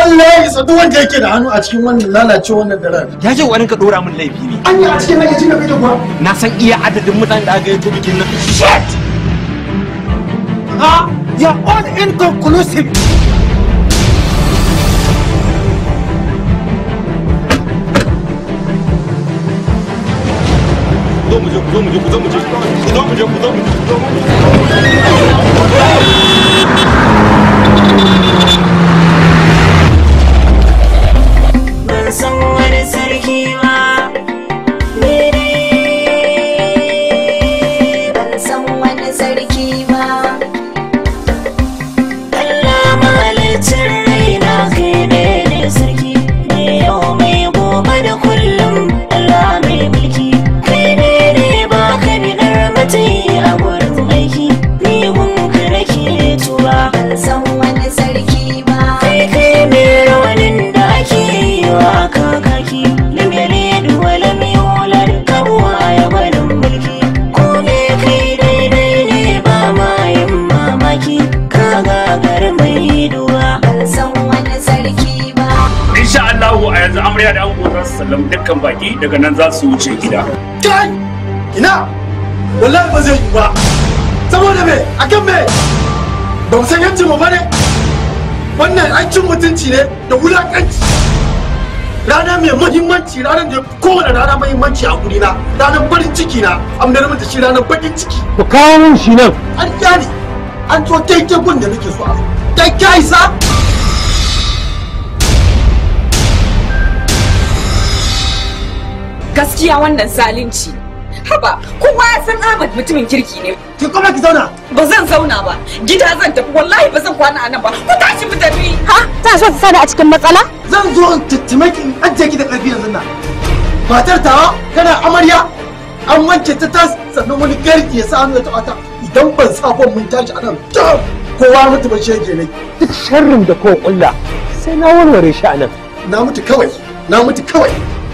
Allah ya isa duk wanda yake da hannu a cikin wannan lalace wannan daren. Ya ce wani ka dora min laifi ne. An a cikin laifi na da kuwa. Na san iya adadin mutanen da aka yi to bikin nan. Shit! Ha? Ya all inconclusive. Zo mu je, zo mu je, zo mu je, zo mu je, zo mu je, zo mu je. amarya da ango za su sallama dukkan baki daga nan za su wuce gida kai ina wallahi ba zai yi ba saboda me akan me ba mu san yancin mu bane wannan an cin mutunci ne da wulakanci rana mai muhimmanci ranar da kowane rana muhimmanci a gurina ranar farin ciki na amma da shi ranar bakin ciki ku kawo min shi nan an kyale an zo daidai gun da nake so a zo kai kai sa gaskiya wannan zalunci haba kowa ya san Ahmad mutumin kirki ne ki kuma ki zauna ba zan zauna ba gida zan tafi wallahi ba zan kwana anan ba ku tashi mu tafi ha ta so ta sani a cikin matsala zan zo in tattume ki in ajje ki da karfi yanzu nan matar tawa kana amarya an wanke ta tas sannan wani garki ya sa hannu ya taɓa ta idan ban sa ban mun tashi anan kowa mutu ba shege ne duk sharrin da kowa kulla sai na warware shi anan na mutu kawai na mutu kawai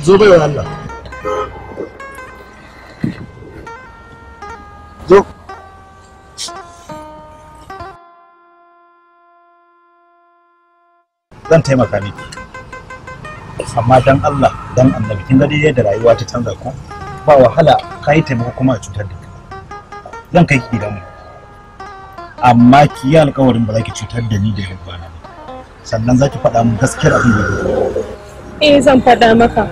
zo bai wa Allah zo zan taimaka miki amma dan Allah dan annabi kin ga dai yadda rayuwa ta canza ko ba wahala ka yi taimako kuma a cutar da kai zan kai ki gidan mu amma ki yi alkawarin ba za ki cutar da ni da yan sannan za ki faɗa min gaskiyar abin da eh zan faɗa maka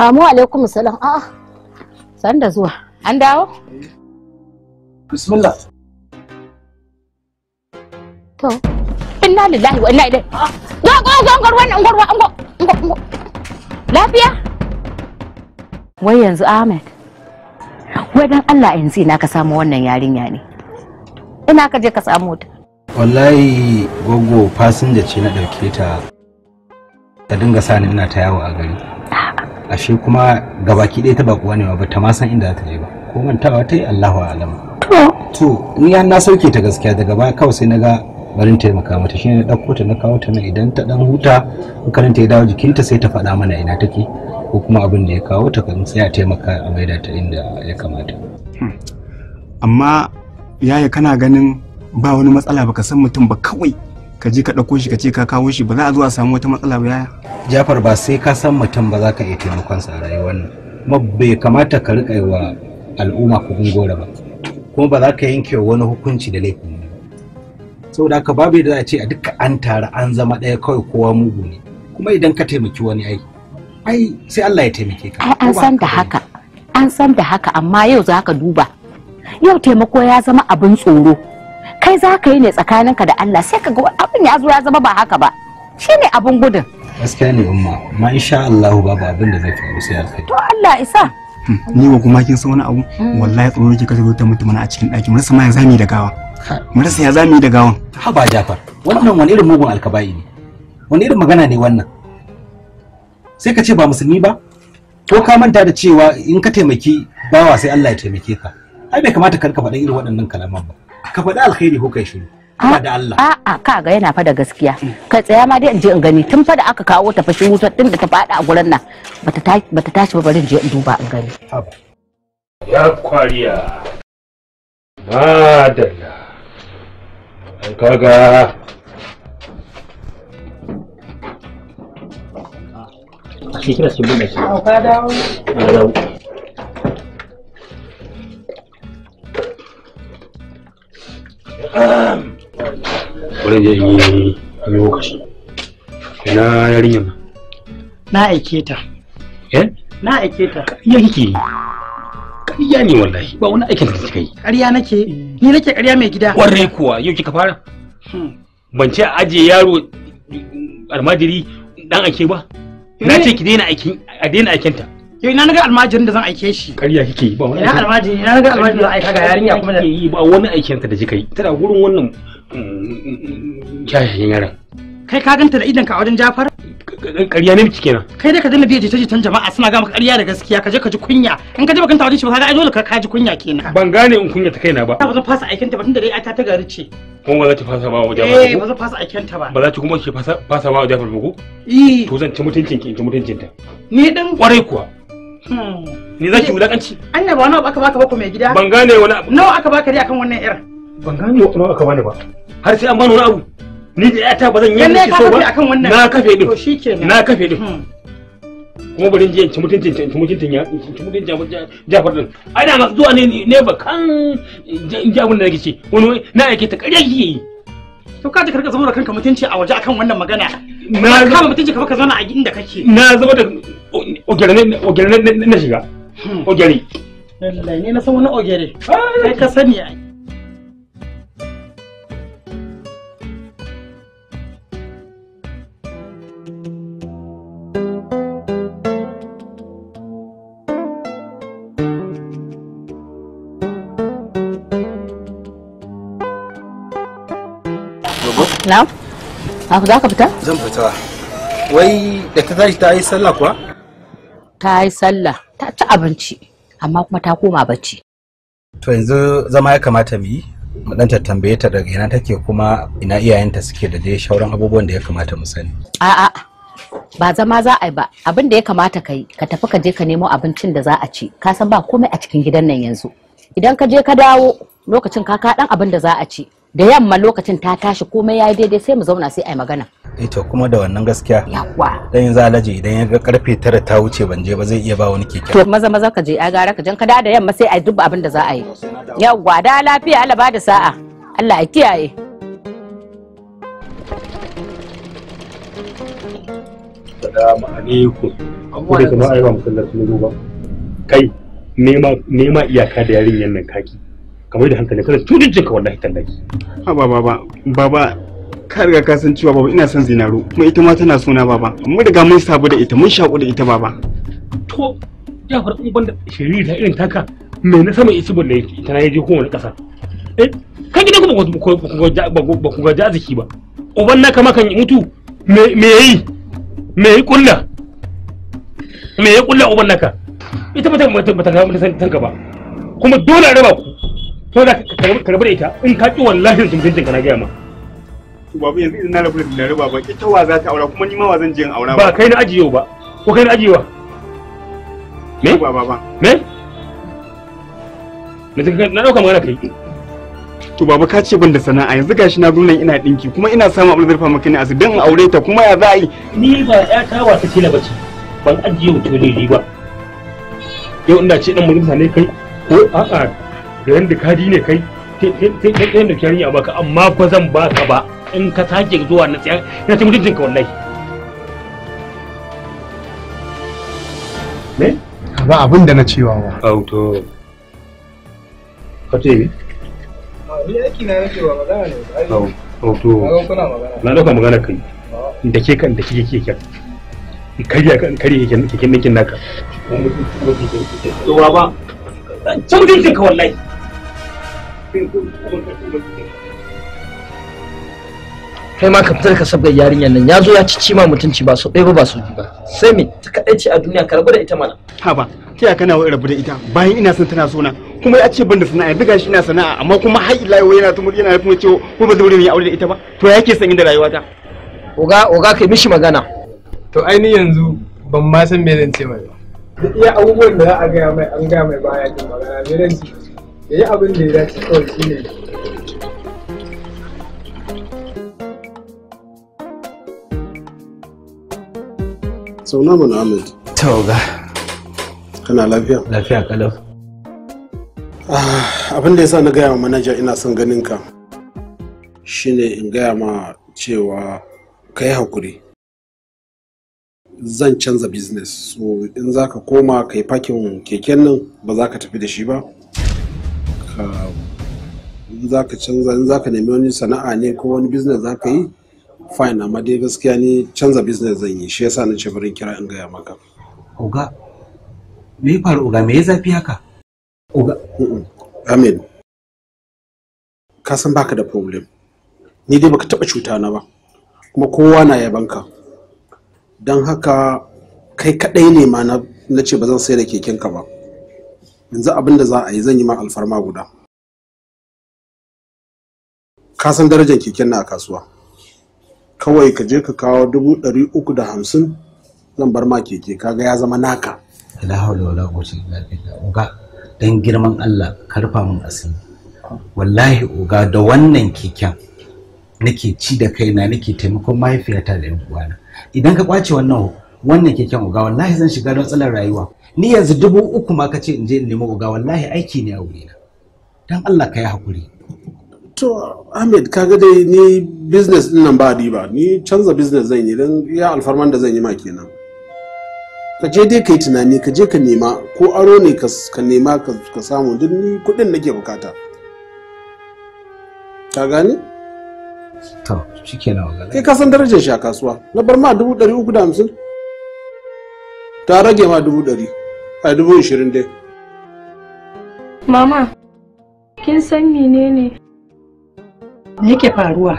Amu alaikum salam. A'a. San da zuwa. An dawo? Bismillah. To, inna lillahi wa inna ilaihi. Go go ngor go ruwan wa ruwan an go. Lafiya? Wai yanzu Ahmed. Wai dan Allah yanzu ina ka samu wannan yarinya ne. Ina ka je ka samu ta. Wallahi gogo fasinja ce na dauke ta. Ta dinga sani ina ta yawo a gari. ashe kuma gabaki ɗaya ta bakuwa ne ba ta ma san inda ta je ba ko mantawa ta yi Allahu alam to ni an na sauke ta gaskiya daga baya kawai sai na ga barin taimaka mata shi na ɗauko ta na kawo ta nan idan ta ɗan huta hankalin ta ya dawo jikinta sai ta faɗa mana ina take ko kuma abin da ya kawo ta kan sai a taimaka a maida ta inda ya kamata hmm. amma yaya kana ganin ba wani matsala baka san mutum ba kawai ka je ka ɗauko shi ka ce ka kawo shi ba za a zo a samu wata matsala ba yaya jafar ba sai ka san mutum ba za ka iya taimakon sa a rayuwar nan kuma bai kamata ka riƙa yi wa al'umma kuɗin gora ba kuma ba za ka yanke wani hukunci da laifin ba saboda haka babu yadda za a ce a duka an tara an zama ɗaya kawai kowa mugu ne kuma idan ka taimaki wani ai ai sai Allah ya taimake ka an san da haka an san da haka amma yau za ka duba yau taimako ya zama abin tsoro kai za ka yi ne tsakaninka da Allah sai ka ga abin ya zo ya zama ba haka ba shi ne abin gudun gaskiya ne umma amma insha Allah babu abin da zai faru sai alkhairi to Allah isa hmm. ni ba kuma kin san wani abu hmm. wallahi tsoro ki zo ta mutum a cikin ɗakin mun ma ya zami da gawa mun ya zami da gawan haba Jafar wannan wani irin mugun alkabai ne wani irin magana ne wannan sai ka ce ba musulmi ba ko ka manta da cewa in ka taimaki bawa sai Allah ya taimake ka ai bai kamata ka ka faɗa irin waɗannan kalaman ba ka faɗi alkhairi ko kai shiru da ah, Allah a'a ka ga yana fa da gaskiya ka tsaya ma dai in je in gani tun fa da aka kawo ta fashin wutar din da ta faɗa a gurin nan bata tashi ba bari in je in duba in gani ya kwariya madalla kaga shi kira shi bude shi ka dawo bari na aike ta eh? na aike ta ya kike ni ƙarya ne wallahi ba wani aikin da kika yi ƙarya nake ni nake ƙarya mai gida kwarai kuwa yau kika fara hmm. ban ce aje yaro almajiri dan ake ba na eh. ce ki daina aikin a daina aikinta yau ina naga almajirin da zan aike shi ƙarya kike yi ba wani ina almajiri ina naga almajirin da zan aika ga yarinya kuma da yi ba wani aikin ta da jika yi tana gurin wannan shashayen mm, mm, mm, yaran kai ka ganta da idan ka a wajen Jafar ƙarya ne miki kenan kai dai ka dinga biye jita-jitan jama'a suna ga maka ƙarya da gaskiya ka je ka ji kunya in ka je bakanta wajen shi ba ka ga ai dole ka ji kunya kenan ban gane in kunya ta kaina ba ba zan fasa aikin ta ba tunda dai ta ta gari ce kun ba za ta fasa ba wa Jafar eh ba zan fasa aikin ta ba ba za ta kuma ki fasa ba wa Jafar ba ko eh to zan ci mutuncin ki in ci mutuncin ta ni din kwarai kuwa Hmm. ne za ki wulakanci? Anya ba nawa aka baka bako ko mai gida? Ban gane wani abu. Nawa aka baka dai akan wannan yar? Ban gane nawa aka bani ba. Har sai an bani wani abu. Ni da ƴata ba zan yi miki so ba. Na kafe din. To shikenan. Na kafe din. Hmm. Kuma bari in je in ci mutuncin in ci mutuncin ya in Jafar din. da masu zuwa ne ne ba kan in ji abin da nake ce. Wani na yake ta ƙarya yi. To ka ji karka zama da kanka mutunci a waje akan wannan magana. na kama mutunci ka zauna a inda kake na zama da ogere na shiga hmm. ogere lallai ne na san wani ogere kai ka sani ai Abu za ka fita? Zan fita. Wai da ta tashi ta yi sallah kuwa? Ta yi sallah, ta ci abinci, amma kuma ta koma bacci. To yanzu zama ya kamata mu yi, mu dan tambaye ta daga ina take kuma ina iyayenta suke da dai shauran abubuwan da ya kamata mu sani. A'a, ba zama za a yi ba, abin da ya kamata ka yi, ka tafi ka je ka nemo abincin da za a ci, ka san ba komai a cikin gidan nan yanzu. Idan ka je ka dawo lokacin ka kaɗan abin da za a ci, da yamma lokacin ta tashi komai ya daidai sai mu zauna sai ai magana eh to kuma da wannan gaskiya yawa dan yanzu alaji idan ya ga karfe 9 ta wuce ban je ba zai iya ba wani keke to maza maza ka je a gara ka jan ka da yamma sai ai dubba abin da za a yi yawa da lafiya Allah ba da sa'a Allah ya kiyaye Assalamu alaikum. Ko da kuma ba mu kallar zo ba. Kai nema iyaka da yarinyan nan kaki. kamar da hankali kada cutar ka wallahi tallahi ha ba baba baba ka riga ka san cewa baba ina son zinaro kuma ita ma tana sona baba mun riga mun sabu da ita mun shaku da ita baba to ya far in banda shiri da irin taka me na sama isi bulle ita na yaje kuma kasa eh kan gidan kuma ba ku ga jaziki ba uban na kama kan mutu me me yi me yi kulla me yi kulla uban naka ita ba ta ba ta ba ta ba kuma dole a raba ku to da ka rabu da ita in ka ki wallahi zan mutuncin ka na gaya ma to babu yanzu idan na rabu da dillare baba ita wa za ta aura kuma ni ma wa zan je in aura ba kai na ajiyo ba ko kai na ajiyewa me ba ba ba me na dauka magana kai to baba ka ce ban da sana'a yanzu gashi na zo ina dinki kuma ina samun abin zurfa maka ne a dan aure ta kuma ya za a yi ni ba ya ta wata ce na bace ban ajiye wuce ne ba yau ina ce dan majalisa ne kai ko a'a garin da kadi ne kai sai ɗayan da kyarinya a baka amma fa zan ba ka ba in ka sake zuwa na tsaya ina ta mutuncin ka wallahi Ka ba abin da na cewa ba auto ka ce me yaki na yake wa magana ne auto na magana kai da ke kan da kike kike kariya kan kariya kike kike naka ba ba ta mutuncin ka wallahi kai ma ka fitar ka sabgar yarinyar nan ya zo ya ci ma mutunci ba so ɗaya ba ba so ba sai me ta kaɗai ce a duniya ka rabu da ita mana ha ba ta ya kana rabu da ita bayan ina son tana sona kuma ya ce ban da sana'a duka shi ina sana'a amma kuma har ila yau yana tumur yana kuma cewa ko ba zaure ya aure da ita ba to ya ke san inda rayuwata oga oga kai mishi magana to ni yanzu ban ma san me zan ce mai ba duk iya abubuwan da za a gaya mai an gaya mai baya jin magana me zan ce Yayi yi abin da ya dace kawai shi ne sau na mana amir tauga kana lafiya lafiya kalaf ah, abin da ya sa na gaya wa manaja ina son ganin ka shine in gaya ma cewa ka yi haƙuri, zan canza business so in za ka koma ka yi fakin keken nan ba za ka tafi da shi ba ka in za ka canza in za ka nemi wani sana'a ne ko wani business za ka yi fine amma dai gaskiya ni canza business zan yi shi yasa na ce bari kira in gaya maka oga me ya faru oga me ya zafi haka oga amin ka san baka da problem ni dai baka taba cuta na ba kuma kowa na ka. don haka kai kadai ne ma na ce ba zan sai da kekenka ba yanzu abin da za a yi zan yi ma alfarma guda ka san darajar keken na a kasuwa kawai ka je ka kawo dubu ɗari uku da hamsin zan bar ma keke ga ya zama naka la haula wala quwwata illa billah uga dan girman Allah karfa mun asiri wallahi uga da wannan keken nake ci da kaina nake taimakon mahaifiyata da yan uwana idan ka kwace wannan wannan keken uga wallahi zan shiga matsalar rayuwa ni yanzu dubu uku ma kace in je in nemi uga wallahi aiki ne a wurina dan Allah ka yi hakuri to Ahmed kaga dai ni business din nan ba riba ni canza business zan yi dan ya alfarman da zan yi ma kenan ka je dai ka yi tunani ka je ka nema ko aro ne ka nema ka samu duk ni kuɗin nake bukata ka gani to shikenan kai ka san darajar shi a kasuwa na bar ma dubu 350 uku da hamsin ta rage ma dubu 100 a dubu ishirin dai mama kin san ne. me yake faruwa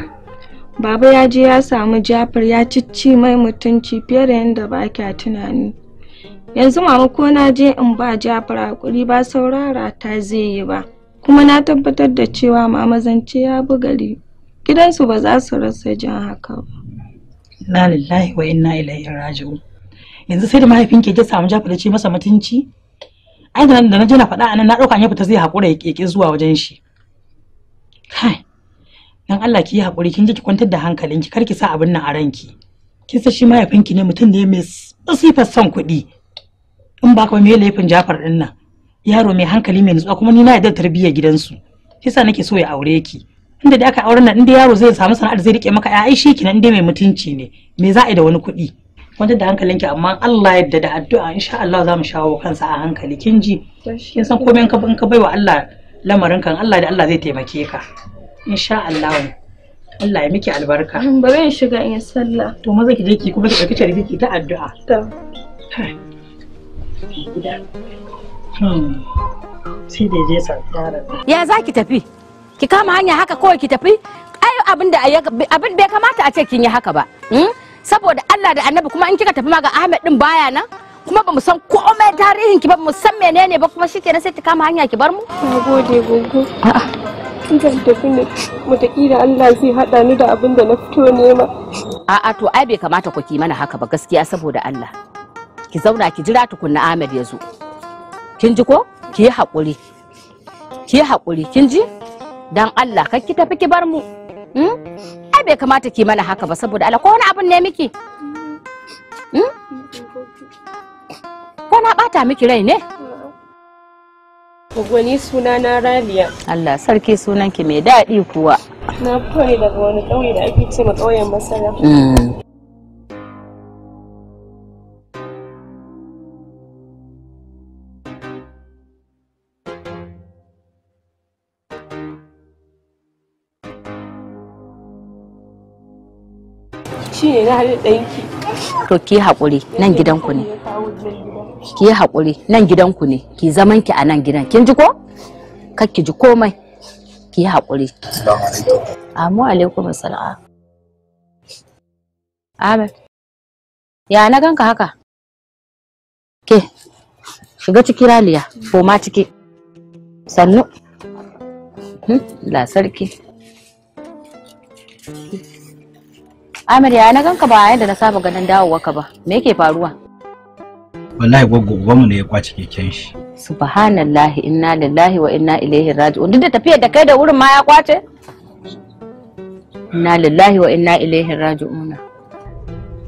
baba ya je ya samu jafar ya cicci mai mutunci fiye da yadda ba kya tunani yanzu mama ko na je in ba jafar hakuri ba saurara ta zai yi ba kuma na tabbatar da cewa mama zance ya buga gari gidansu ba za su rasa jan haka ba Na lillahi wa inna ilaihi raji'un yanzu sai da mahaifinki ya samu jafa da ce masa mutunci ai da na je na faɗa anan na ɗauka ya fita zai haƙura ya ƙeƙe zuwa wajen shi kai dan Allah ki yi haƙuri kin ji ki kwantar da hankalinki kar ki sa abin nan a ranki kin san shi mahaifinki ne mutum ne mai sifar son kuɗi in ba ka mai laifin Jafar din nan yaro mai hankali mai nutsuwa kuma ni na yarda tarbiyyar gidansu kisa nake so ya aure ki inda da aka aure nan inda yaro zai samu sana'ar zai rike maka ai shi kenan inda mai mutunci ne me za a yi da wani kuɗi wanda da hankalinki amma Allah yadda da addu'a insha Allah za mu shawo kansa a hankali kin ji kin san komai ka in ka baiwa Allah lamarin kan Allah da Allah zai taimake ka insha Allah Allah ya miki albarka ba zan shiga in sallah to maza ki je ki kuma ki dauki tarbi ta addu'a to hmm. sai da je sa ya za ki tafi ki kama hanya haka kawai ki tafi ai abin da abin bai kamata a ce kin yi haka ba hmm? saboda Allah da Annabi kuma in kika tafi ma ga Ahmed din baya nan kuma ba mu san komai tarihin ki ba mu san menene ba kuma shikenan sai ta kama hanya ki bar mu nagode gogo zan tafi ne mu kira Allah zai hada ni da abin da na fito nema a'a to ai bai kamata ku ki mana haka ba gaskiya saboda Allah ki zauna ki jira tukunna Ahmed ya zo kin ji ko ki yi haƙuri ki yi haƙuri kin ji dan Allah kar ki tafi ki bar mu hmm? ai bai kamata ki mana haka ba saboda Allah ko wani abun ne miki hmm? ko na bata miki rai ne Gwani suna na Rabia. Allah sarki sunanki mai daɗi kuwa. Na fari daga wani ƙauye da ake ce ma ƙauyen Masara. Hmm. to ki haƙuri nan gidanku ne ki yi haƙuri nan gidanku ne ki zaman ki a nan gidan kin ji ko kar ki ji komai ki yi haƙuri assalamu alaikum amu alaikum assalam Amin. ya na ganka haka ke shiga ciki raliya ko ma ciki sannu hmm, la sarki Amir ya na ganka ba yanda na saba ganin dawowarka ba. Me yake faruwa? Wallahi gwaggo mu ne ya kwace keken shi. Subhanallahi inna lillahi wa inna ilaihi raji'un. Duk da tafiyar da kai da wurin ma ya kwace? Inna lillahi wa inna ilaihi raji'un.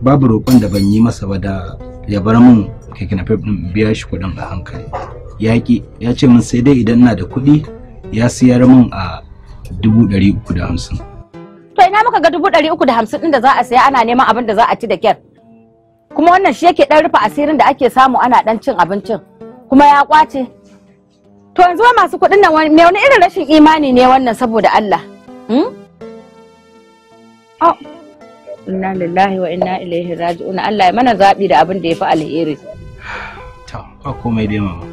Babu roƙon da ban yi masa ba da ya bar min keke na din biya shi kuɗin a hankali. Yaƙi ya ce min sai dai idan ina da kuɗi ya siyar min a dubu ɗari uku da hamsin. to ina muka ga dubu ɗari uku da hamsin ɗin da za a saya ana neman abin da za a ci da kyar kuma wannan shi yake ɗan rufe asirin da ake samu ana ɗan cin abincin kuma ya ƙwace to yanzu masu kuɗin nan me wani irin rashin imani ne wannan saboda Allah hmm? oh. inna lillahi wa inna ilaihi raji'un Allah ya mana zaɓi da abin da ya fi alheri to ba komai dai mama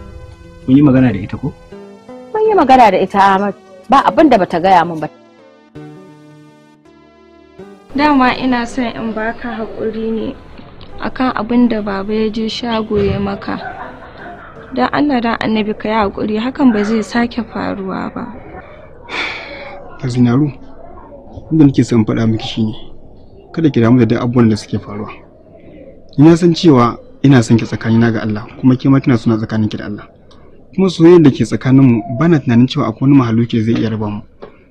kun yi magana da ita ko kun yi magana da ita Ahmad ba abin da bata gaya min ba dama ina son in baka haƙuri ne akan abin da baba ya je shago ya maka don allah da annabi ka yi haƙuri hakan ba zai sake faruwa ba Ka zinaru inda nake son faɗa miki shine kada ki damu da duk abubuwan da suke faruwa ina san cewa ina son ki tsakanina ga Allah kuma ke ma kina suna ki da Allah kuma soyayyar da ke tsakaninmu bana tunanin cewa akwai wani da zai iya raba mu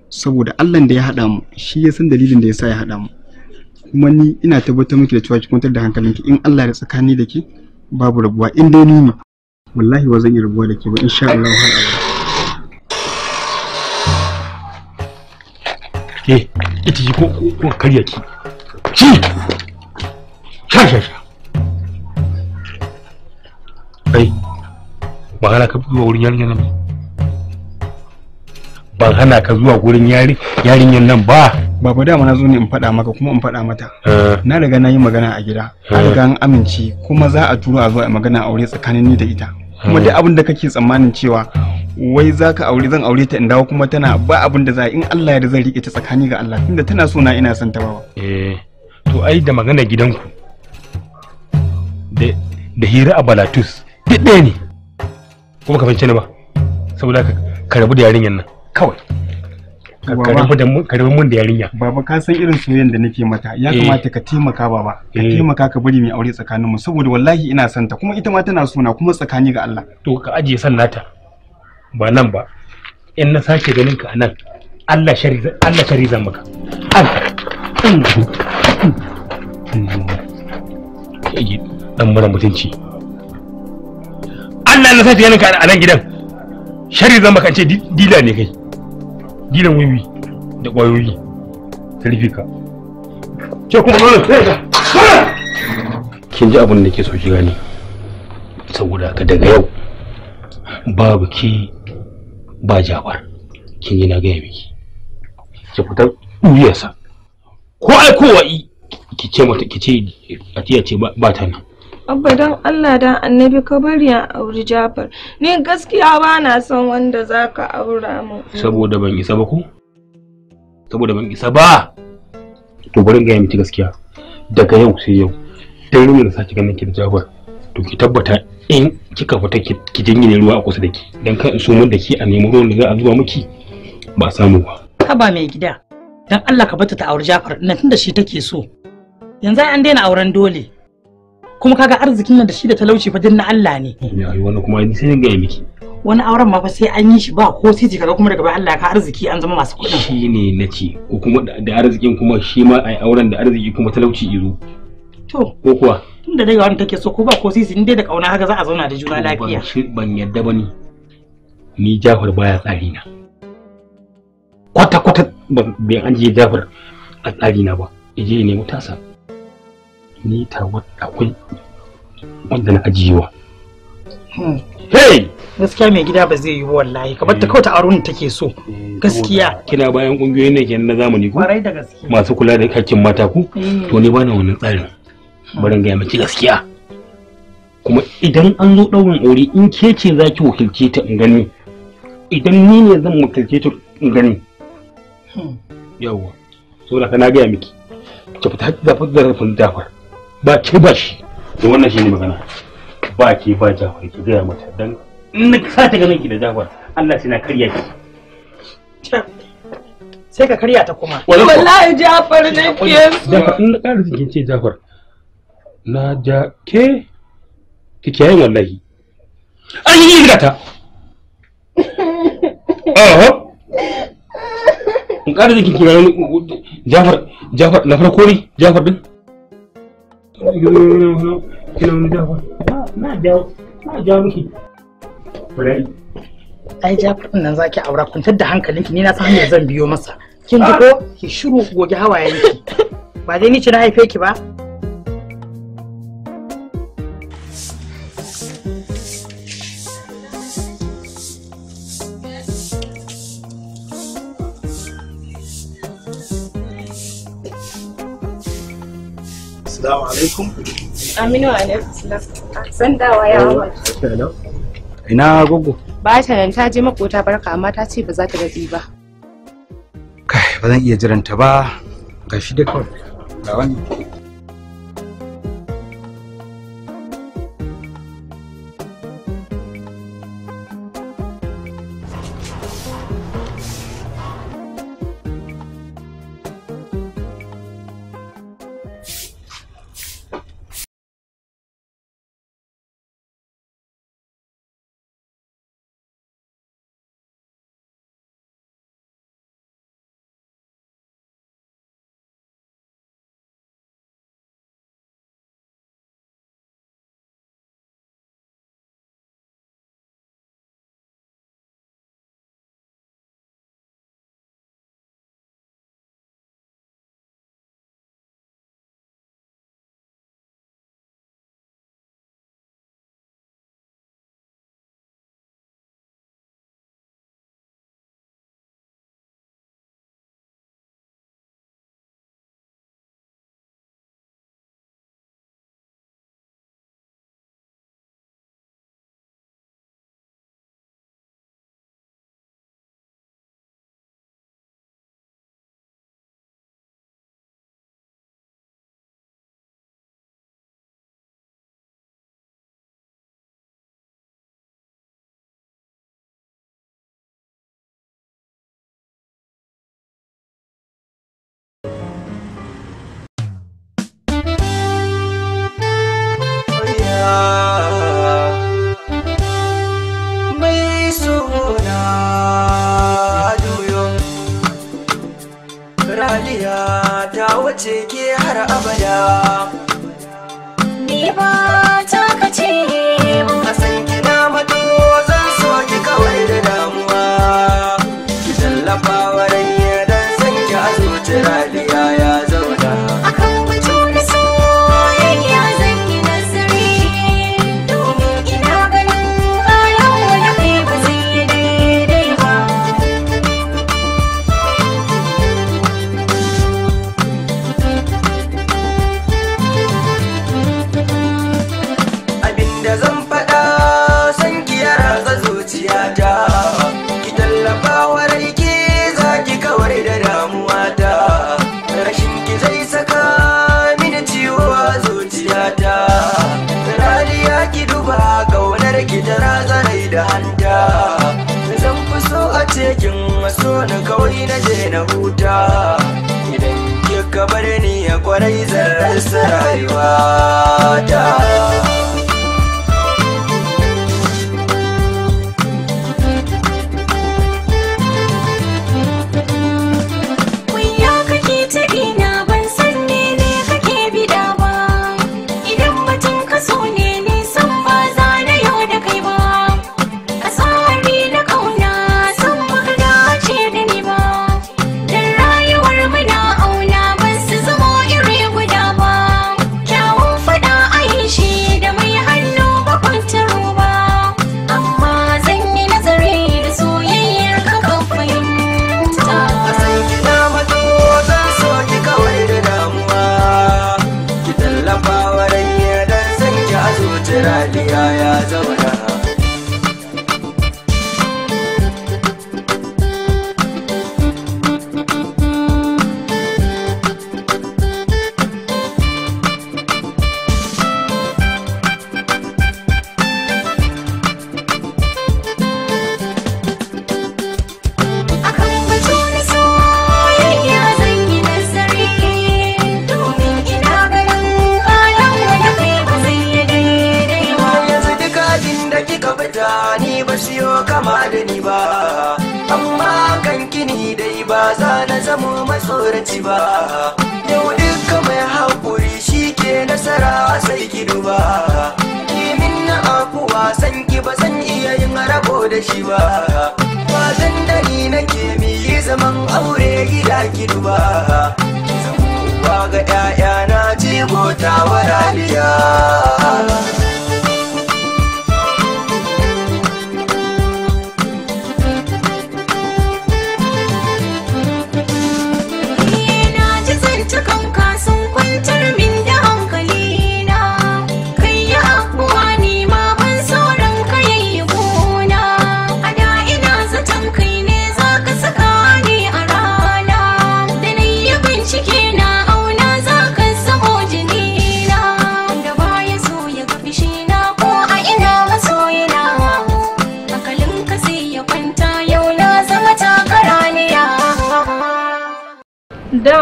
saboda Allah da ya haɗa mu shi ya san dalilin da ya sa ya haɗa mu kuma ni ina tabbatar miki da cewa ki kwantar da hankalinki in Allah ya tsakani da ki babu rabuwa in dai ni ne wallahi ba zan yi rabuwa da ke ba insha Allah har abada ke ita ji ko karya ki ki sha sha sha ka fito wurin yarinya ban hana ka zuwa gurin yari yarinyan nan ba baba dama na zo ne in faɗa maka kuma in faɗa mata eh. na riga na yi magana a gida an eh. riga an amince kuma za a turo a zuwa a magana aure tsakanin ni da ita kuma eh. duk abin da kake tsammanin cewa wai za ka aure zan aure ta in dawo kuma tana ba abin da za in Allah ya zan rike ta tsakani ga Allah tunda tana so na ina son ta bawa eh to ai da magana gidanku da da hira a balatus duk ɗaya ne kuma ka fahimci ni ba saboda ka rabu da yarinyan nan kawai ka rabu mun da yarinya baba ka san irin soyayyen da nake mata ya eh. kamata ka taimaka baba ka eh. taimaka ka bari mai aure tsakaninmu saboda wallahi ina son ta kuma ita ma tana na kuma tsakani ga Allah to ka ajiye son nata ba nan ba in na sake ganin ka anan Allah shari Allah shari zan maka dan mara mutunci Allah na sake ganin ka anan gidan shari zan baka ce dila ne kai dilan wiwi da ƙwayoyi ta rufe ka ce kuma malam sai ka kin ji abin da ke so ki gani saboda ka daga yau babu ki ba jabar kin yi na gaya miki ki fita sa. ko aikowa ki ce mata ki ce a ce ba ta nan abba don Allah dan annabi ka bari a auri Jafar ni gaskiya ba na son wanda zaka aura mu saboda ban isa ba ko saboda ban isa ba to bari ga miki gaskiya daga yau sai yau dai rumin da saki ganin ki da Jafar to ki tabbata in kika fita ki ne ruwa a kusa da ki dan kan so mun da ki a nemi ruwan da za a zuba miki ba samu ba ka ba mai gida dan Allah ka bata ta auri Jafar nan tunda shi take so yanzu an daina auren dole kuma kaga arzikin nan da shi da talauci fa na Allah ne wani kuma ni sai ga miki wani auren ma fa sai an yi shi ba ko sai kaga kuma daga bai Allah ka arziki an zama masu kuɗi na nace ko kuma da arzikin kuma shi ma ai auren da arziki kuma talauci izo to ko kuwa tunda daga wani take so ko ba ko sai in dai da kauna haka za a zauna da juna lafiya ban yadda bane ni Jafar baya tsari na kwata kwata ban an je Jafar a tsari na ba ije ne mutasa ni ta wadda akwai wanda na ajiyewa hmm. hey gaskiya mai gida ba zai yi wallahi kamar ta eh. kawai ta aron take so eh, gaskiya kina bayan kungiyoyin ne kenan na zamani ku masu kula da hakkin mata ku eh. to ni bana wannan tsarin hmm. barin ga miki gaskiya kuma idan an zo daurin aure in ke ce zaki wakilce ta in gani idan ni ne zan wakilce ta in gani hmm. yawwa saboda ka na ga miki ki fita da fitar da dafar ba ke ba shi da wannan shine magana ba ke ba jafar ki gaya mata dan in na sa ta ganin ki da jafar Allah sai na karya ki sai ka karya ta kuma wallahi jafar ne ke jafar in na ƙara jikin ce jafar na ja ke ki kiyaye wallahi an yi riga ta Oho. In ƙara jikin kira Jafar, Jafar, na farko ne, Jafar din? na dawo na dawo miki furai ai jafar nan zaki aura kuntar da hankalinki ni na san hanyar zan biyo masa kin ji ko ki shiru goge hawayenki ba dai ni ci na haife ki ba Aminu alaikum salam. San dawa ya Ahmad. Ina gugu. Ba ta nan ta je makota barka amma ta ce ba za ta gaji ba. Kai ba zan iya jiranta ba. shi da kawai. Ga wani. ce ke har abada ni ba ta kace Father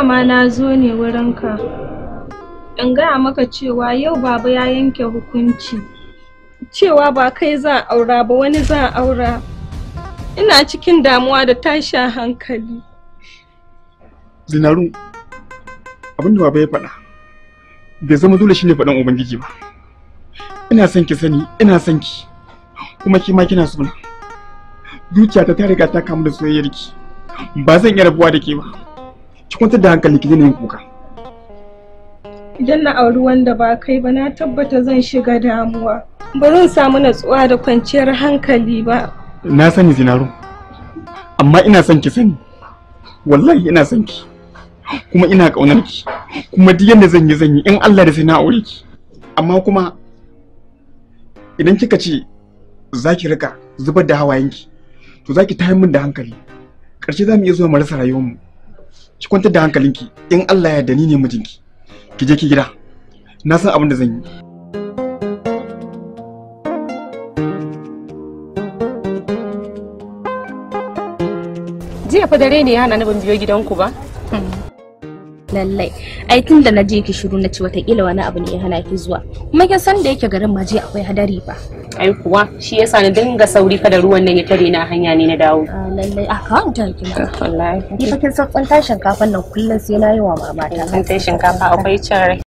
dama na zo ne wurinka in gaya maka cewa yau baba ya yanke hukunci cewa ba kai za a aura ba wani za a aura ina cikin damuwa da tashin hankali zinaru abinda baba ya faɗa bai zama dole ne faɗan ubangiji ba ina son ki sani ina son ki kuma ki ma kina suna zuciyata ta riga ta kamu da soyayyarki ba zan iya rabuwa da ke ba ki kwantar da hankali ki yin kuka idan na auri wanda ba kai ba na tabbata zan shiga damuwa ba zan samu natsuwa da kwanciyar hankali ba na sani zinaro amma ina son ki sani wallahi ina son ki kuma ina ƙaunar ki kuma duk yanda zan yi zan yi in Allah da sai na aure ki amma kuma idan kika ce za ki rika zubar da hawayenki to za ki tayar min da hankali ƙarshe za mu iya zuwa mu rasa rayuwarmu ki kwantar da hankalinki in Allah ya dani ne mijinki ki je ki gida na san abin da zan yi jiya fa dare ne ya hana ban biyo gidanku ba hmm. lallai ai tun da na je ki shiru na ci watakila wani abu ne ya hana ki zuwa kuma kin san da yake garin maje akwai hadari ba ai kuwa shi yasa na dinga sauri kada ruwan nan ya tare na hanya ne na dawo ah, lallai ah, a kawai ta ki wallahi ki fa kin san shinkafan nan kullun sai na yi wa mama ta tsantan akwai cin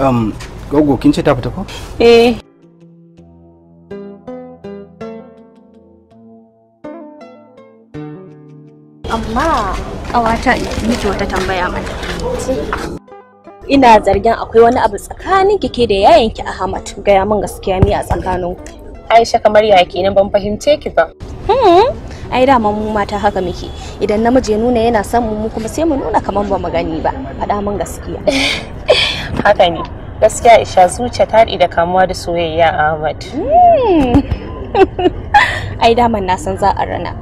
um gogo kin ce ta fita ko eh amma kawata wata tambaya mana ina zargin akwai wani abu tsakanin kike da yayanki Ahmad gaya min gaskiya ni a tsakanin Aisha kamar ya kenan ban fahimce ki ba hmm. ai da mu mata haka muke idan namiji ya nuna yana son mu kuma sai mu nuna kamar ba mu gani ba faɗa min gaskiya haka ne gaskiya isha zuciya ta da kamuwa da soyayya ahmad hmm. ai daman na san za a rana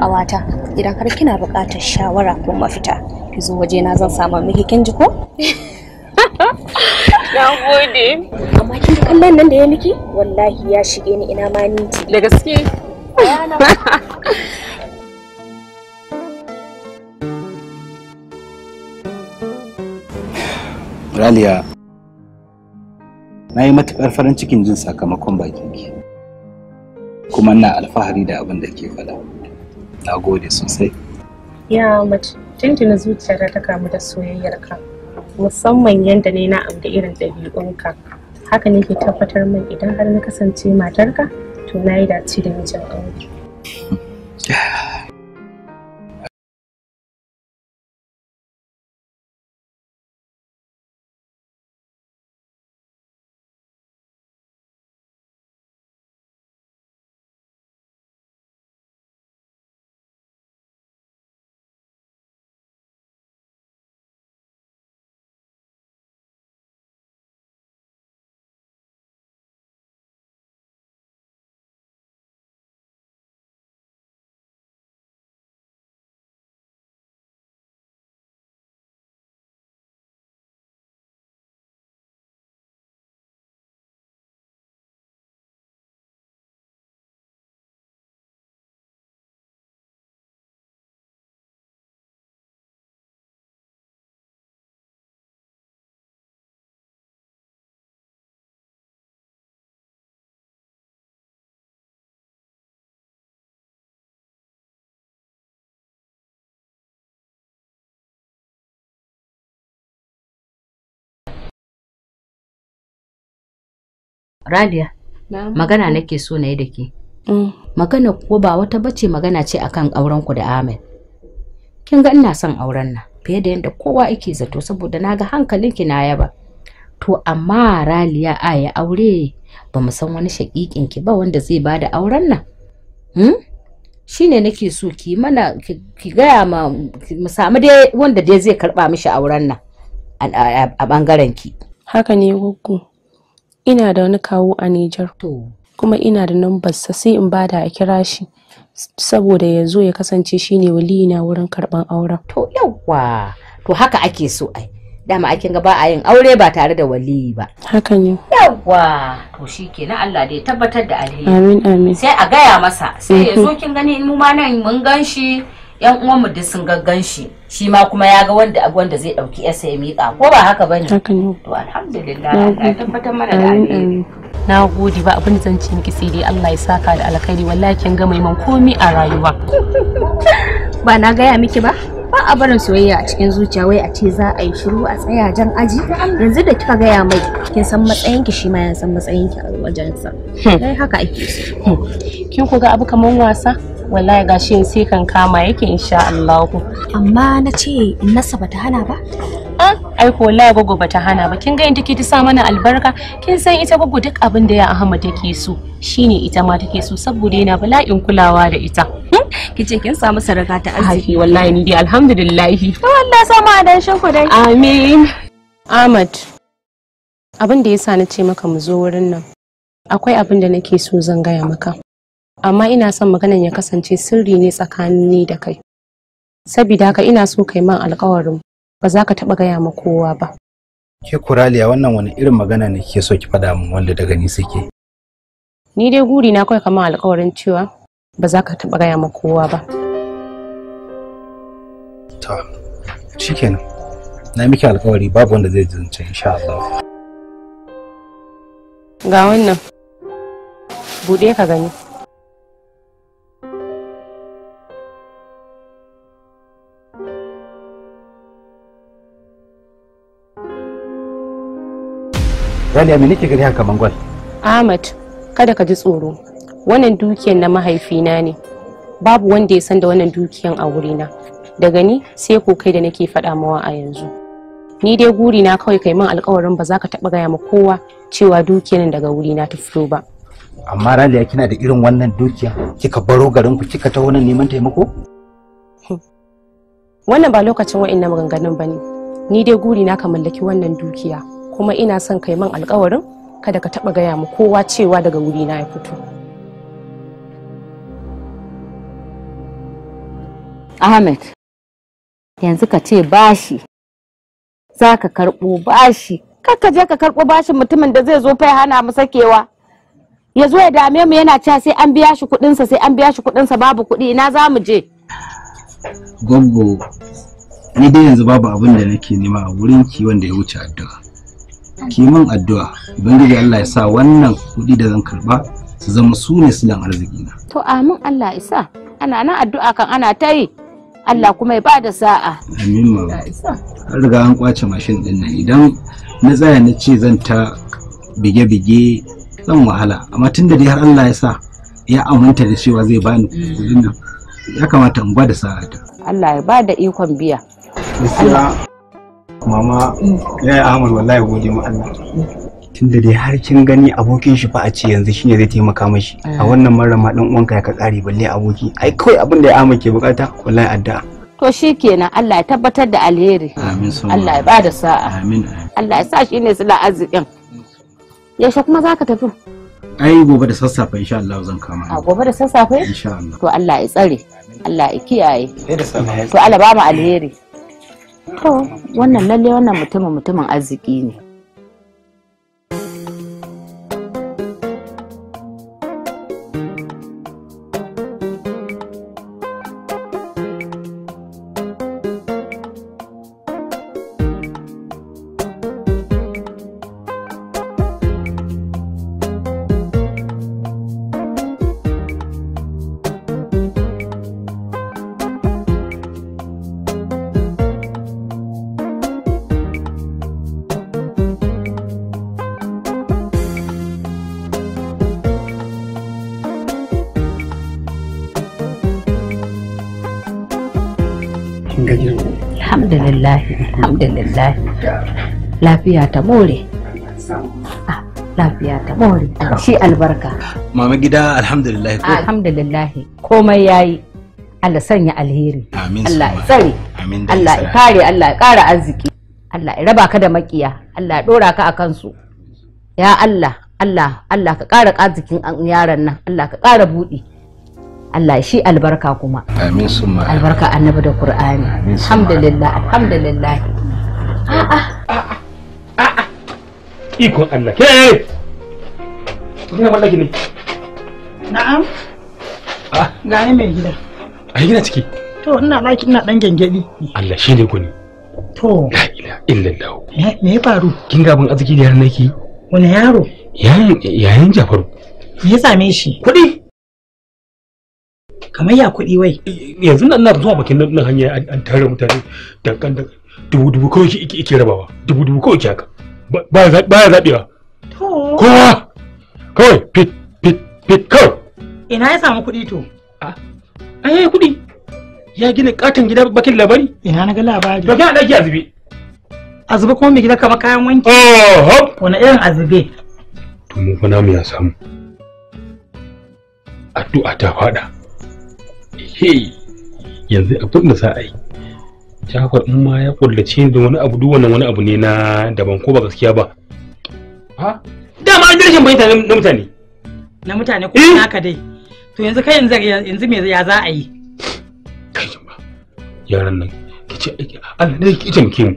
ƙawata idan har kina buƙatar shawara ko mafita ki zo waje na zan samu miki kin na gode amma kin kallon nan da ya miki wallahi ya shige ni ina ma ni da gaske Raliya, na yi matuƙar farin cikin jin sakamakon bakinki, kuma na alfahari da abin da ke faɗa. Na gode sosai. Ya mace, tuntuna zuciyar ta kamu da soyayyarka, musamman yadda ne na da irin ɗabi'unka. Haka ne ke tabbatar min idan har na kasance matarka, to na yi dace da mijin aure. Radiya, magana nake so na yi da ke. Mm. Magana kuwa ba wata bace magana ce akan auren ku da Ahmed. Kin ga ina son auren nan fiye da yadda kowa yake zato saboda na ga ki na yaba. To amma Raliya a ya aure ba mu san wani shaƙiƙin ki ba wanda zai bada auren nan. Hmm? shine nake so ki mana ki gaya ma mu samu dai wanda dai zai karba mishi auren nan a ɓangaren ki haka ne gugu ina da wani kawo a Nijar kuma ina da numbarsa sai in bada a kira shi saboda ya zo ya kasance shine wali na wurin karban auren to yawa to haka ake so ai dama ake ga ba a yin aure ba tare da wali ba haka ne yawwa to na Allah dai tabbatar da alheri amin amin sai a gaya masa sai ya zo mm-hmm. kin gani mu ma nan mun gan shi yan uwanmu duk sun gaggan shi shi ma kuma ya ga wanda wanda zai dauki yasa ya miƙa ko ba haka bane to alhamdulillah na tabbatar mana da na gode ba abin zan ci miki sai dai Allah ya saka da alkhairi wallahi kin ga maiman komi a rayuwa ba na gaya miki ba ba a barin soyayya a cikin zuciya wai a ce za a yi shiru a tsaya jan aji yanzu da kika gaya mai kin san matsayin ki shi ma ya san matsayin ki a sa. dai hmm. haka ake so hmm. kin ku ga abu kaman wasa wallahi gashi sai kan kama yake insha Allah amma na ce in nasa bata hana ba Ah, ai ko la gogo bata hana ba kin ga yadda kike sa mana albarka kin san ita gogo duk abin da ya Ahmad take so shine ita ma take so saboda yana bala'in kulawa da ita hmm? kice kin samu saraka ta arziki wallahi ni dai alhamdulillah Allah sama adan shin ku dai amin Ahmad abin da yasa na ce maka mu zo wurin nan akwai abin da nake so zan gaya maka amma ina son maganan ya kasance sirri ne tsakanin ni da kai sabida haka ina so kai man alkawarin ba za ka taɓa gaya ma kowa ba. Ke kuraliya wannan wani irin magana ne ke so ki faɗa min wanda da gani suke. Ni dai guri na kawai kamar alƙawarin cewa ba za ka taɓa gaya ma kowa ba. Ta, shikenan. Na miki alƙawari babu wanda zai zance insha Allah. Ga wannan. Buɗe ka gani. Raliya me nake gani haka mangwal? Ahmad, kada ka ji tsoro. Wannan dukiyar na mahaifina ne. Babu wanda ya san da wannan dukiyar a wurina. Daga ni sai ko kai da nake faɗa mawa a yanzu. Ni dai guri na kawai kai min alƙawarin ba za ka taɓa gaya ma kowa cewa dukiyar daga wurina ta fito ba. Amma Raliya kina da irin wannan dukiya kika baro garin ku kika taho nan neman taimako? Wannan ba lokacin wa'annan maganganun bane. Ni dai guri na ka mallaki wannan dukiya. kuma ina son kai man alkawarin kada ka taba gaya mu kowa cewa daga wuri na ya fito ahmed yanzu ka ce bashi za ka karɓo bashi ka je ka karɓo bashin mutumin da zai zo fa hana mu sakewa ya zo ya dame mu yana cewa sai an biya shi kuɗinsa sai an biya shi kuɗinsa babu kuɗi ina za mu je Gombo, ni dai yanzu babu abin da nake nema a wurin ki wanda ya wuce addu'a ki min addu'a ubangiji Allah ya sa wannan kuɗi da zan karba su zama su ne silan arziki na to amin Allah ya sa ana nan addu'a kan ana ta yi Allah kuma ya ba da sa'a amin ma an riga an kwace mashin din nan idan na tsaya na ce zan ta bige-bige zan wahala amma tun da dai har Allah ya sa ya aminta da cewa zai bani kuɗin nan ya kamata in ba da sa'a ta Allah ya ba da ikon biya gaskiya mama ya ahmad wallahi gode mu Allah tunda dai har kin gani abokin shi fa a ce yanzu shine zai taimaka mashi a eh. wannan marar dan uwanka ya ka tsari balle aboki ai kawai abin da ya ahmad ke bukata wallahi addu'a to shi kenan, Allah ya tabbatar da alheri Allah ya bada sa'a Allah ya sa shi ne sila arzikin yaushe kuma za ka tafi ai gobe da sassafe insha Allah zan kama a gobe da sassafe insha Allah to Allah ya tsare Allah ya kiyaye to Allah ba mu alheri to wannan lalle wannan mutumin mutumin arziki ne alhamdulillah lafiya ta more ah, lafiya ta more shi albarka mama gida alhamdulillah alhamdulillah komai yayi Allah sanya alheri Allah ya tsare Allah ya kare Allah ya kara arziki Allah ya raba ka da makiya Allah ya dora ka akan su ya Allah Allah Allah ka kara arzikin yaran nan Allah ka kara budi Allah shi albarka kuma. Amin summa. Albarka annabi da Qur'ani. Alhamdulillah alhamdulillah. ikon Allah ke kina mallaki ne na'am ah. ni mai gida a gida ciki to ina laki ina dan gengedi Allah shine ku ne to la ilaha illallah me ya faru kin ga abin arziki da yaran wani yaro yayin yayin Jafaru me ya same shi kuɗi kamar ya kuɗi wai yanzu nan na zuwa bakin nan hanya an tare mutane dankan dankan dubu dubu kawai ke rabawa dubu dubu kawai ke haka ba ya zaɓewa kowa kawai fit fit fit kawai ina ya samu kuɗi to a ai kuɗi ya gina katon gida bakin labari ina na ga labari to kina ɗaki azube azube kuma mai gida kama kayan wanki oh wani irin azube to mu fa namu ya samu addu'a ta faɗa yanzu abin da za a yi Jafar in ma ya kullace da wani abu duk wannan wani abu ne na daban ko ba gaskiya ba. Ha? ma an rashin bayyana na mutane. Na mutane ko eh? naka dai. To yanzu kai yanzu yanzu me ya za a yi? Kai Yaran nan kici Allah ne kici muke mu.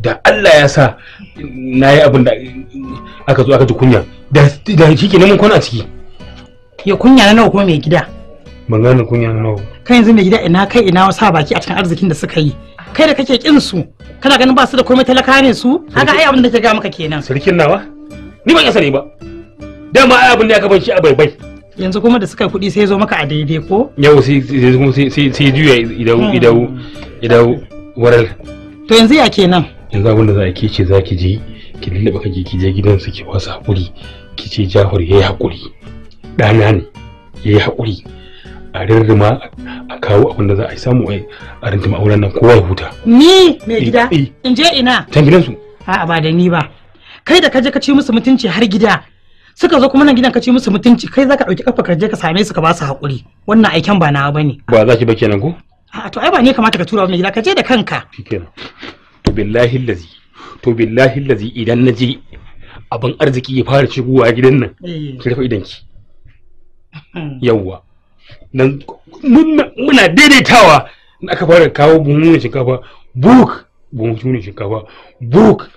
Da Allah ya sa na yi abin da aka zo aka ji kunya. Da shi ke mun kwana a ciki. Ya kunya na nawa kuma mai gida. ban kun kunya nawa kai yanzu ne gida ina kai ina sa baki a cikin arzikin da suka yi kai da kake kin su kana ganin ba su da komai talaka ne su haka ai abin da ke ga maka kenan sarkin nawa ni ban sani ba ma ai abin da ya kaban shi a baibai yanzu kuma da suka kuɗi sai zo maka a daidai ko yau sai kuma sai juya idau hmm. idau idau waral to yanzu ya kenan yanzu abin da za ki ce za ki je ki lullaba kake ki je gidan su ki wasa hakuri ki ce Jafar yayi hakuri dana ne yayi hakuri a rirrima a kawo abin da za a samu a rintima auren nan kowa ya huta. Ni mai gida eh, eh. in je ina. Can gidansu. A'a ba da ni ba. Kai da ka je ka ci musu mutunci har gida. suka zo kuma nan gidan ka ci musu mutunci kai ka dauki kafa ka je ka same su ka ba su hakuri wannan aiken ba nawa bane ba za ki ba kenan ko a to ai ba ne kamata ka tura wannan gida ka je da kanka shikenan to billahi lazi. to billahi lazi idan na je abin arziki ya fara shigowa gidan nan eh. ki rufe idan ki hmm. yawwa muna daidaitawa na aka fara kawo buhunan shinkafa buk buhunan shinkafa buk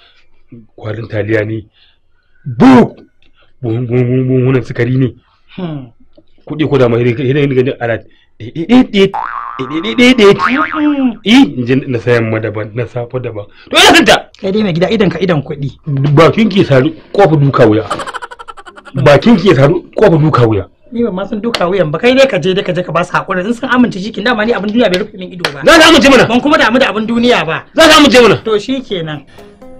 kwarin taliya ne buk buhunan sukari ne hmm. kuɗi ko da mai alat na sayan ma na safa daban to ina santa kai dai mai gida idan ka idan kuɗi bakin ki kofa duka wuya bakin ki kofa duka wuya ni ba ma san duka wuyan ba kai dai ka je dai ka je ka ba su hakuri in sun amince shi kin dama ni abin duniya bai rufe min ido ba za ka amince mana ban kuma da da abin duniya ba za ka amince mana to shikenan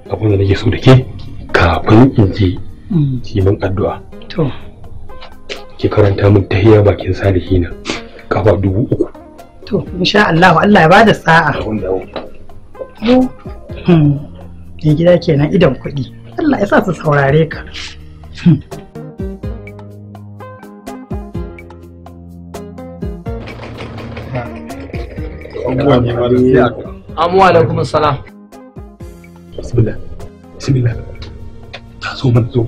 abin da nake so da ke kafin in je hmm. ki min addu'a to ki karanta min tahiyya bakin salihi na kafa dubu uku to insha Allah Allah ya bada sa'a ne hmm, gida kenan idan kuɗi Allah ya sa su saurare ka hmm. amuwa alaikum salam bismillah bismillah ta zo man zo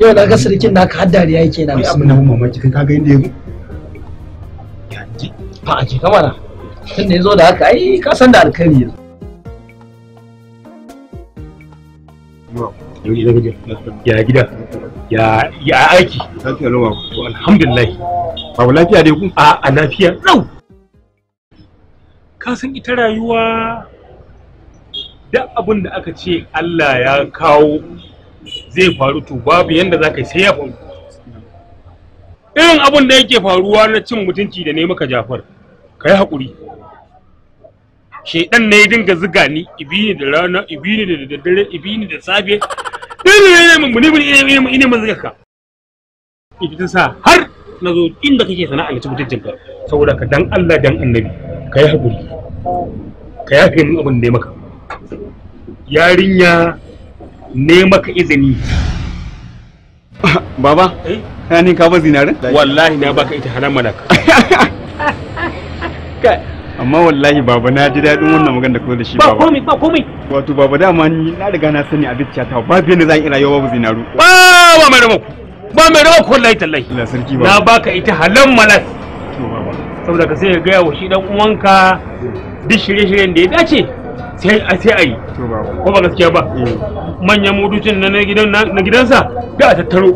yau da ga sirikin da ka haddari ya ke na abin nan mamaki kai kaga inda fa a ke kamara? tun da zo da haka ai ka san da alkhairi yazo ya gida ya ya aiki lafiya lawa to alhamdulillah babu lafiya dai ku a a lafiya rau ka san ita rayuwa duk abin da aka ce Allah ya kawo zai faru to babu yanda zaka sai ya faru irin abin da yake faruwa na cin mutunci da ne maka jafar ka yi haƙuri shaidan ne ya dinga ziga ni ibi ne da rana ibi ne da daddare ne da safe dole ne mun muni mun ina mun ina mun ziga ka ita sa har na zo inda kake sana'a na cikin ka saboda ka dan Allah dan annabi ka yi hakuri ka yi mun abin da ya maka yarinya ne maka izini baba eh? ka ne ka ba zinarin wallahi na baka ita haramma da ka amma wallahi baba na ji daɗin wannan magana da kuma da shi baba ba komai ba komai wato baba dama ni na riga na sani abin ciyar ta babu da zan yi rayuwa babu zinaru ba ba mai rabo ba mai rabo ko lai tallahi Allah sarki ba na baka ita halan malas saboda ka sai gaya wa shi dan uwanka duk shirye-shiryen da ya dace sai a sai a yi ko ba gaskiya ba eh. manyan motocin na gidan na gidansa da a tattaro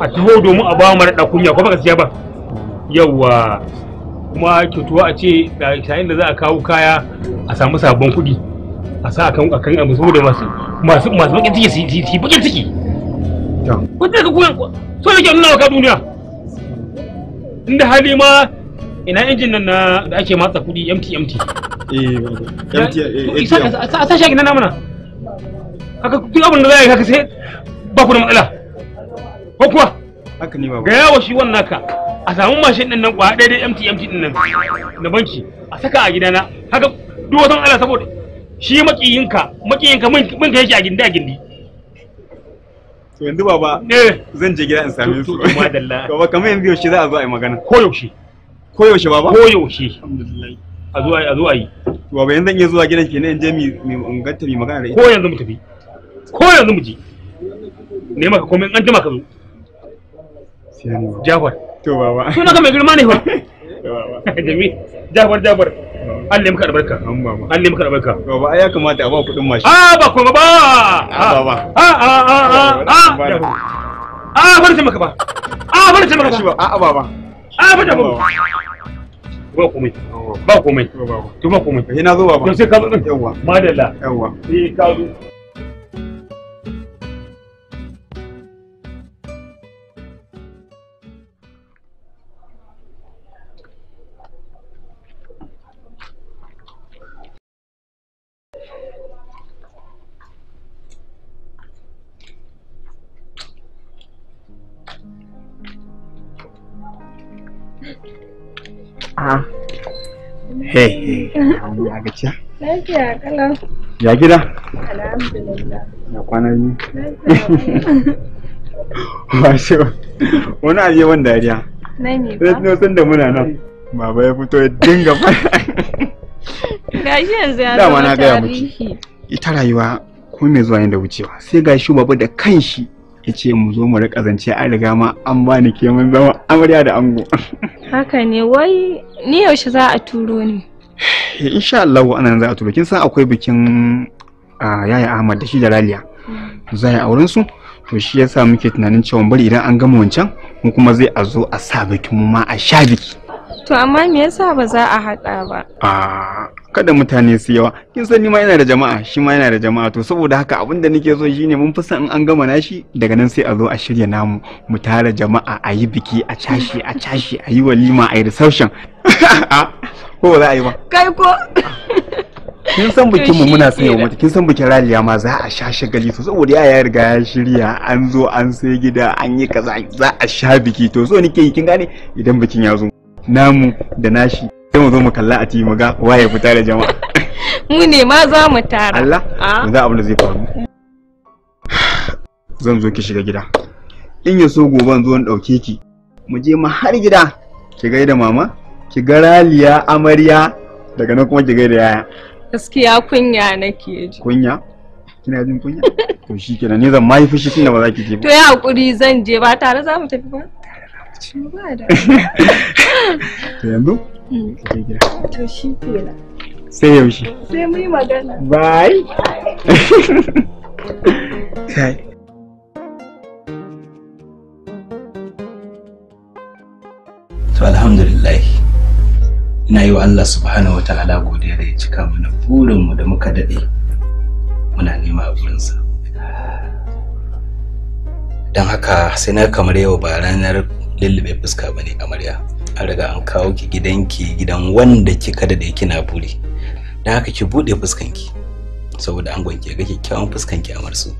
a taho domin a ba mara kunya ko ba gaskiya ba yawa kuma kyautuwa a ce yayin da za a kawo kaya a samu sabon kuɗi a sa akan akan abu saboda masu masu masu bakin ciki su bakin ciki ka koya so da ke nuna wa ka duniya inda hali ma ina injin nan na da ake matsa kuɗi MT MT eh a sa shagin nan mana haka duk abin da za a yi haka sai ba ku da matsala ko kuwa haka ne ba ga yawo shi wannan ka a samu mashin din nan kwa daidai MT MT din nan na banki a saka a gidana haka duk wasan Allah saboda shi makiyinka makiyinka mun ka yake a gindi a gindi to yanzu baba eh. zan je gida in same su baba kamar yanzu yaushe za a zo a yi magana ko yaushe ko yaushe baba ko yaushe alhamdulillah a zo a zo a yi baba yanzu zan iya zuwa gidan kenan in je mi mi ganta mi magana da ita ko yanzu mu tafi ko yanzu mu je ne maka komai an jima ka zo Jafar to baba suna ga mai girma ne fa jami jabar jabar Allah ya maka albarka Allah ya maka albarka baba ai ya kamata a ba kuɗin mashi a ah, ba kuma ba a a a a a a a bar ta maka ba a ah, bar ta maka ba a baba a ah, bar ta maka ba komai ba komai to ba komai ina zo baba to sai ka zo madalla yawa sai ka zo Ah. Hey, hey. Ya gaciya? Lafiya Ya gida? Alhamdulillah. Ya kwana ni. Wani aje wanda Nai ne ba. san da muna nan. Baba ya fito ya dinga fara. Gashi yanzu ya zama tarihi. Ita rayuwa ko mai zuwa ne da wucewa. Sai gashi baba da kanshi ya ce mu zo mu rika zance an riga ma an ba ni ke mun zama amarya da ango haka ne wai ni yaushe za a turo ne? insha Allah ana za a turo kin san akwai bikin yaya Ahmad da shi da Raliya hmm. za a auren su to shi yasa muke tunanin cewa bari idan an gama wancan mu kuma zai a zo a sa bikin mu ma a sha biki To amma me yasa ba za a haɗa ba? Ah, kada mutane su yawa. Kin san ni ma yana da jama'a, shi ma yana da jama'a. To saboda haka abin da nake so shine mun fi son in an gama nashi daga nan sai a zo a shirya namu mu tara jama'a a yi biki a cashe a cashe a yi walima a yi reception. Ko ba za a yi ba? Kai ko. kin san bikin mu muna sayo mata kin san bikin raliya ma za a sha shagali to saboda yaya ya riga ya shirya an zo an sai gida an yi kaza za a sha biki to so nake yi kin gane idan bikin ya zo namu da nashi sai mu zo mu kalla a tv mu ga waye fita da jama'a mu ne ma za mu tara Allah za ah. abin da zai faru zan zo ki shiga gida in ya so gobe zo in dauke ki mu je ma har gida ki gaida mama ki ga raliya amarya daga nan kuma ki gaida yaya gaskiya kunya nake ji kunya kina jin kunya to shikenan ne zan mai fushi kina ba za ki je ba to ya hakuri zan je ba tare za mu tafi ba Mm. to yanzu sai yaushe yi ina yi wa Allah subhanahu wataala godiya da ya cika mana burinmu da muka daɗe muna nema abinsa don haka sai na kamar yau ba ranar lullube fuska bane amarya an riga an kawo ki gidanki gidan wanda kika da na buri dan haka ki buɗe fuskanki saboda an ki ga kyakkyawan fuskanki a su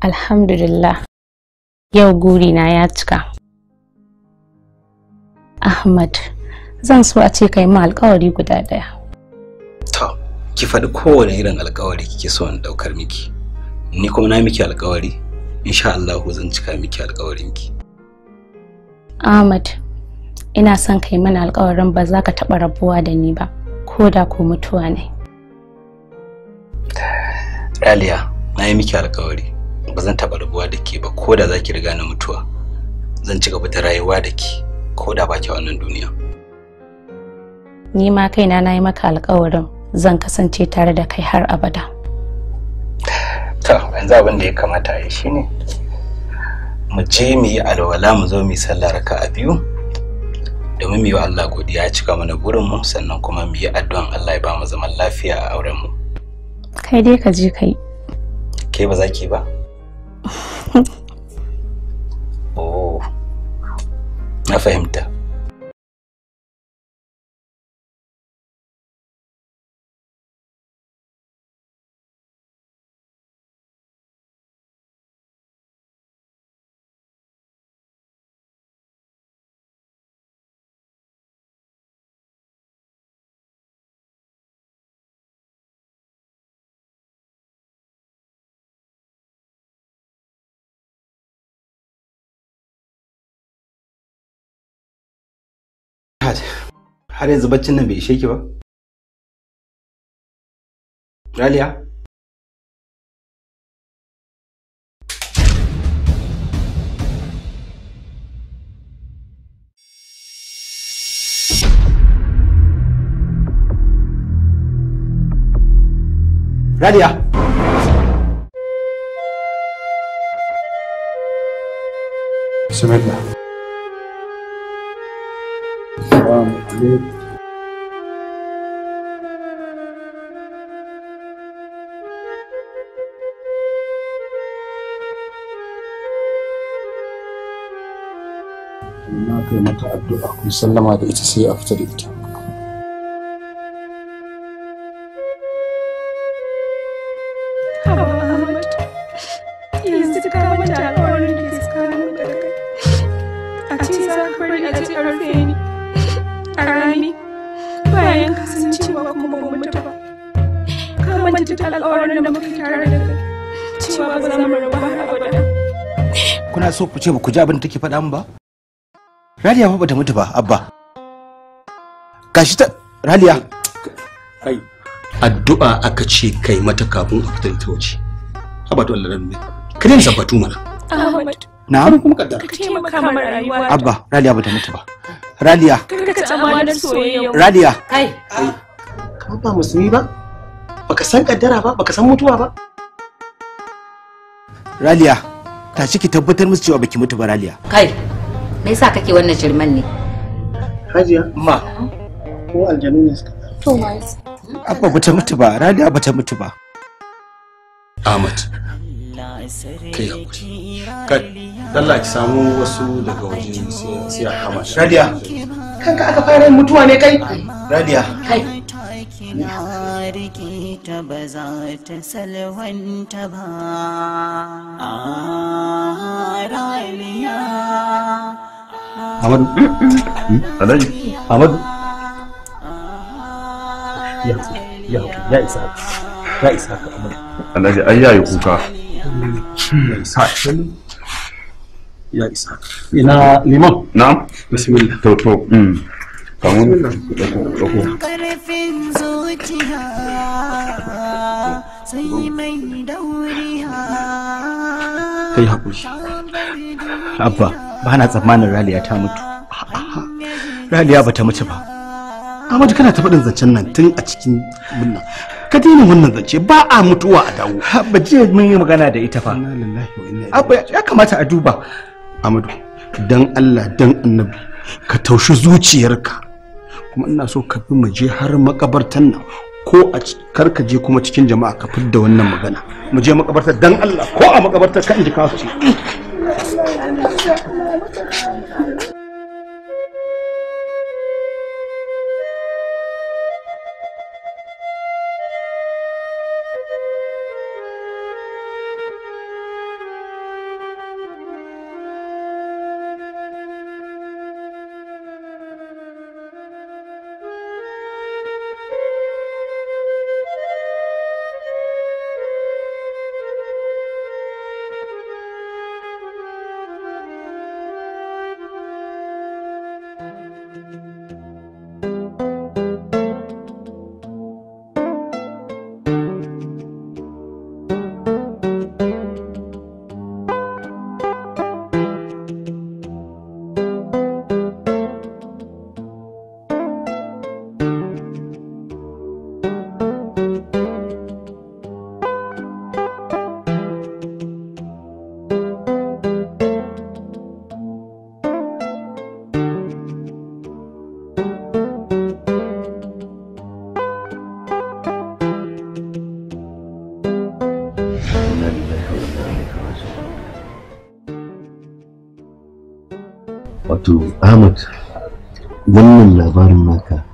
alhamdulillah yau gurina ya cika ahmad zan so a ce kai ma alkawari guda ɗaya to ki faɗi kowane irin alkawari kike so in ɗaukar miki ni kuma na miki alkawari insha Allah zan cika miki ki. Ahmad ina son kai mana alƙawarin ba za ka taɓa rabuwa da ni ba ko da ko mutuwa ne Raliya na yi miki alƙawari ba zan taɓa rabuwa da ke ba ko da za ki riga na mutuwa zan ci gaba da rayuwa da ki ko da ba ki wannan duniya ni ma kaina na yi maka alƙawarin zan kasance tare da kai har abada ta yanzu abin da ya kamata a yi ne mu je mu yi alwala mu zo mu yi sallah raka a biyu domin mu yi wa Allah godiya ya cika mana burinmu sannan kuma mu yi addu'an Allah ya ba mu zaman lafiya a auren mu kai dai ka je kai ke ba za ba oh na fahimta har yanzu baccin nan bai ishe ki ba Raliya? Raliya! Sumaila. السلام عليكم هناك متعدد أقوم سلم هذا إتسي kuna so ku ce ba ku ji abin da take faɗa min ba raliya fa bata mutu ba abba gashi ta raliya ai addu'a aka ce kai mata kafin a fitar ta waje abatu Allah nan ne ka dinga sabbatu mana Ahmad na'am kuma kaddar. ka maka ma rayuwa abba raliya bata mutu ba raliya ka tsammanin soyayya raliya kai Ka ba musulmi ba baka san kaddara ba baka san mutuwa ba raliya tashi ki tabbatar musu cewa baki mutu baraliya kai me yasa kake wannan shirman ne hajiya ma ko aljanu ne suka to ma abba bata mutu ba raliya bata mutu ba ahmad kai hakuri kai Allah ki samu wasu daga wajen sai a kama radiya kanka aka fara mutuwa ne kai radiya kai na ta ba salwanta ba a Amadu Alhaji ya ya isa ya isa ka ya isa isa ina limon na'am bismillah to to kamun da ku da zuciya sai mai dauriya abba ba na tsammanin raliya ta mutu raliya ba ta mutu ba amma kana ta faɗin zancen nan tun a cikin munna ka daina wannan zance ba a mutuwa a dawo abba jiya mun yi magana da ita fa abba ya kamata a duba amadu dan allah dan annabi ka taushi zuciyarka kuma ina so ka bi mu je har makabartan nan ko a karka je kuma cikin jama'a ka fidda wannan magana mu je makabartar dan Allah ko a makabartar ka inji ka ce Ahmad wannan labarin naka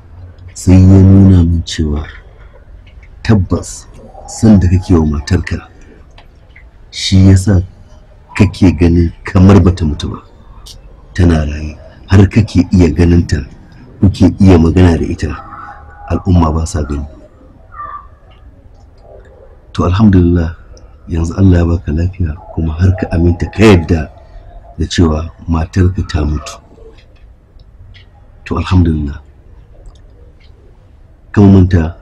sai ya nuna min cewa tabbas san da kake wa matarka shi yasa kake ganin kamar bata mutu ba tana raye har kake iya ganin ta kuke iya magana da ita al'umma ba sa gani to alhamdulillah yanzu Allah ya baka lafiya kuma har ka aminta ka yadda da cewa matarka ta mutu to alhamdulillah kama manta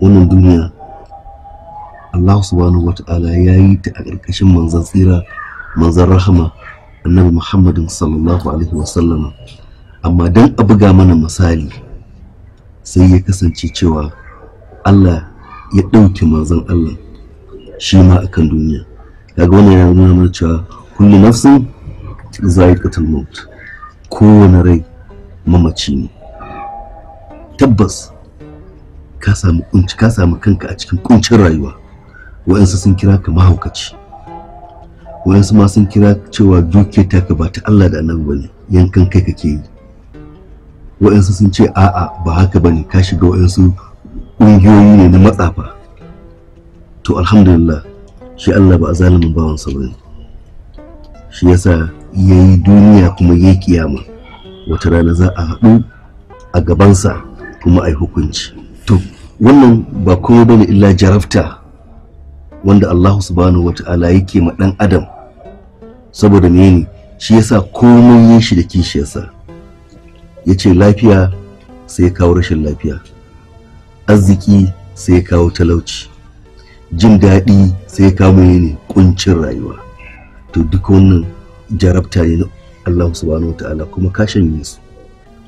wannan duniya Allah subhanahu wa ta'ala ya yi ta a ƙarƙashin manzan tsira manzan rahama annabi muhammadin sallallahu alaihi sallam. amma don a buga mana misali sai ya kasance cewa Allah ya ɗauke manzan Allah shi ma akan duniya daga wannan yana nuna mana cewa kullu nafsin za'iqatul maut kowane rai mamaci ne tabbas ka samu kunci ka samu kanka a cikin kuncin rayuwa wayansu sun kira ka mahaukaci wayansu ma sun kira cewa ta ka ba ta Allah da annabi bane yankan kai kake yi wayansu sun ce a'a ba haka bane ka shiga wayansu ƙungiyoyi ne na matsafa to alhamdulillah shi Allah ba a zalimin bawansa bane shi yasa yayi duniya kuma yayi kiyama wata rana za a haɗu a gabansa kuma a yi hukunci to wannan ba kuma bane illa jarafta wanda Allah subhanahu wata'ala yake ma ɗan adam saboda menene shi yasa komai yin shi da kishiyarsa ya ce lafiya sai ya kawo rashin lafiya arziki sai ya kawo talauci jin daɗi sai ya kawo ne kuncin rayuwa to duk wannan jarabta ne Allah subhanahu wataala kuma ka shanye su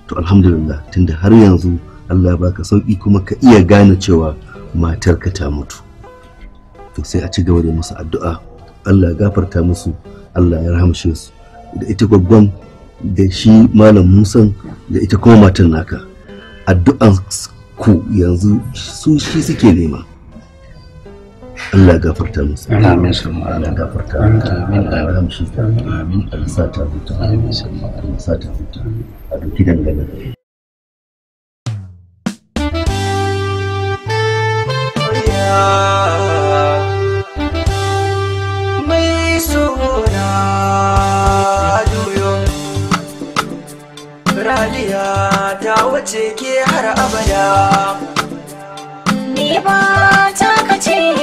to alhamdulillah tunda har yanzu Allah baka sauki kuma ka iya gane cewa matar ka ta mutu to sai a ci gaba da musu addu'a Allah ya gafarta musu Allah ya rahamshe su da ita gwaggwan da shi malam Musa, da ita kuma matar naka addu'an ku yanzu su shi suke nema Allah ya gafarta musu amin Allah ya gafarta amin Allah musu amin Allah sa ta huta amin Allah sa ta huta a duki dangane mai suna juyo raliya ta ke har abada ni ba ta kace